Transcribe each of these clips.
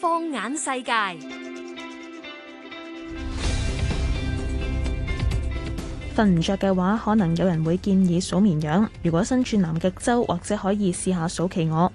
放眼世界，瞓唔着嘅話，可能有人會建議數綿羊。如果身處南極洲，或者可以試下數企鵝。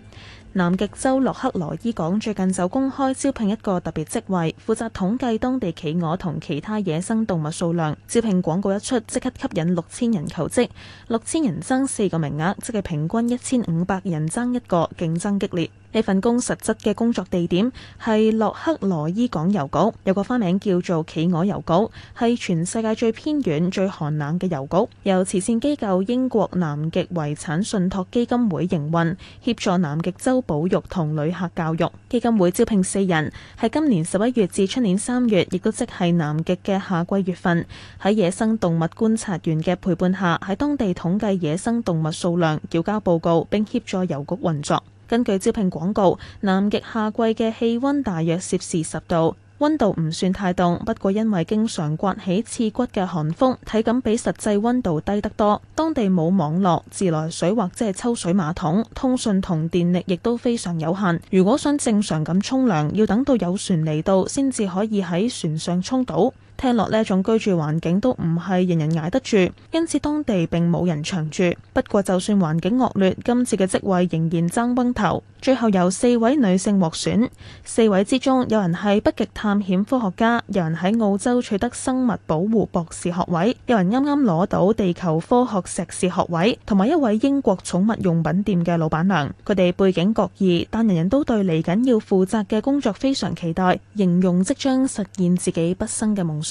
南極洲洛克羅伊港最近就公開招聘一個特別職位，負責統計當地企鵝同其他野生動物數量。招聘廣告一出，即刻吸引六千人求職，六千人爭四個名額，即係平均一千五百人爭一個，競爭激烈。呢份工實質嘅工作地點係洛克羅伊港郵局，有個花名叫做企鵝郵局，係全世界最偏遠、最寒冷嘅郵局，由慈善機構英國南極遺產信託基金會營運，協助南極。周保育同旅客教育基金會招聘四人，係今年十一月至出年三月，亦都即係南極嘅夏季月份，喺野生動物觀察員嘅陪伴下，喺當地統計野生動物數量，繳交報告，並協助郵局運作。根據招聘廣告，南極夏季嘅氣溫大約攝氏十度。温度唔算太凍，不過因為經常刮起刺骨嘅寒風，體感比實際温度低得多。當地冇網絡、自來水或者係抽水馬桶，通訊同電力亦都非常有限。如果想正常咁沖涼，要等到有船嚟到先至可以喺船上沖到。聽落呢一種居住環境都唔係人人捱得住，因此當地並冇人長住。不過就算環境惡劣，今次嘅職位仍然爭崩頭，最後由四位女性獲選。四位之中有人係北極探險科學家，有人喺澳洲取得生物保護博士學位，有人啱啱攞到地球科學碩士學位，同埋一位英國寵物用品店嘅老闆娘。佢哋背景各異，但人人都對嚟緊要負責嘅工作非常期待，形容即將實現自己畢生嘅夢。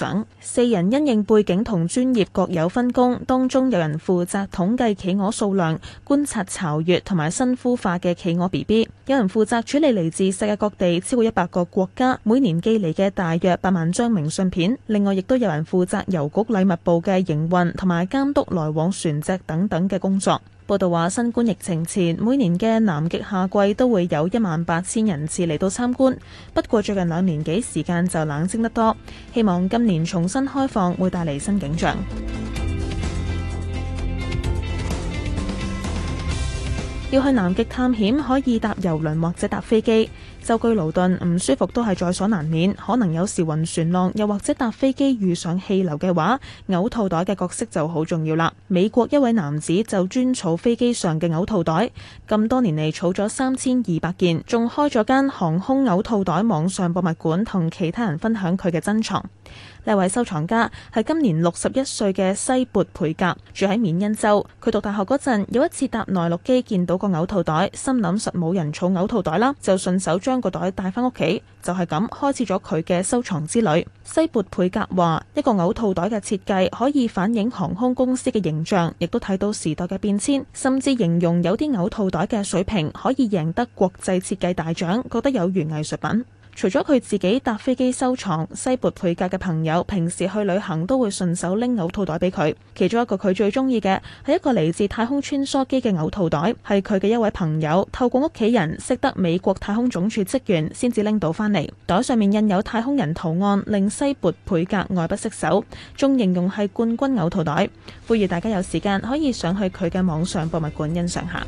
四人因應背景同專業各有分工，當中有人負責統計企鵝數量、觀察巢穴同埋新孵化嘅企鵝 BB，有人負責處理嚟自世界各地超過一百個國家每年寄嚟嘅大約八萬張明信片，另外亦都有人負責郵局禮物部嘅營運同埋監督來往船隻等等嘅工作。報道話，新冠疫情前，每年嘅南極夏季都會有一萬八千人次嚟到參觀。不過最近兩年幾時間就冷清得多，希望今年重新開放會帶嚟新景象。要去南極探險，可以搭遊輪或者搭飛機，舟車勞頓唔舒服都係在所難免。可能有時暈船浪，又或者搭飛機遇上氣流嘅話，嘔吐袋嘅角色就好重要啦。美國一位男子就專儲飛機上嘅嘔吐袋，咁多年嚟儲咗三千二百件，仲開咗間航空嘔吐袋網上博物館，同其他人分享佢嘅珍藏。呢位收藏家，係今年六十一歲嘅西勃佩格，住喺緬因州。佢讀大學嗰陣有一次搭內陸機見到個嘔吐袋，心諗實冇人儲嘔吐袋啦，就順手將個袋帶翻屋企，就係咁開始咗佢嘅收藏之旅。西勃佩格話：一個嘔吐袋嘅設計可以反映航空公司嘅形象，亦都睇到時代嘅變遷，甚至形容有啲嘔吐袋嘅水平可以贏得國際設計大獎，覺得有如藝術品。除咗佢自己搭飛機收藏，西博佩格嘅朋友平時去旅行都會順手拎嘔吐袋俾佢。其中一個佢最中意嘅係一個嚟自太空穿梭機嘅嘔吐袋，係佢嘅一位朋友透過屋企人識得美國太空總署職員先至拎到翻嚟。袋上面印有太空人圖案，令西博佩格愛不釋手，仲形容係冠軍嘔吐袋。呼籲大家有時間可以上去佢嘅網上博物館欣賞下。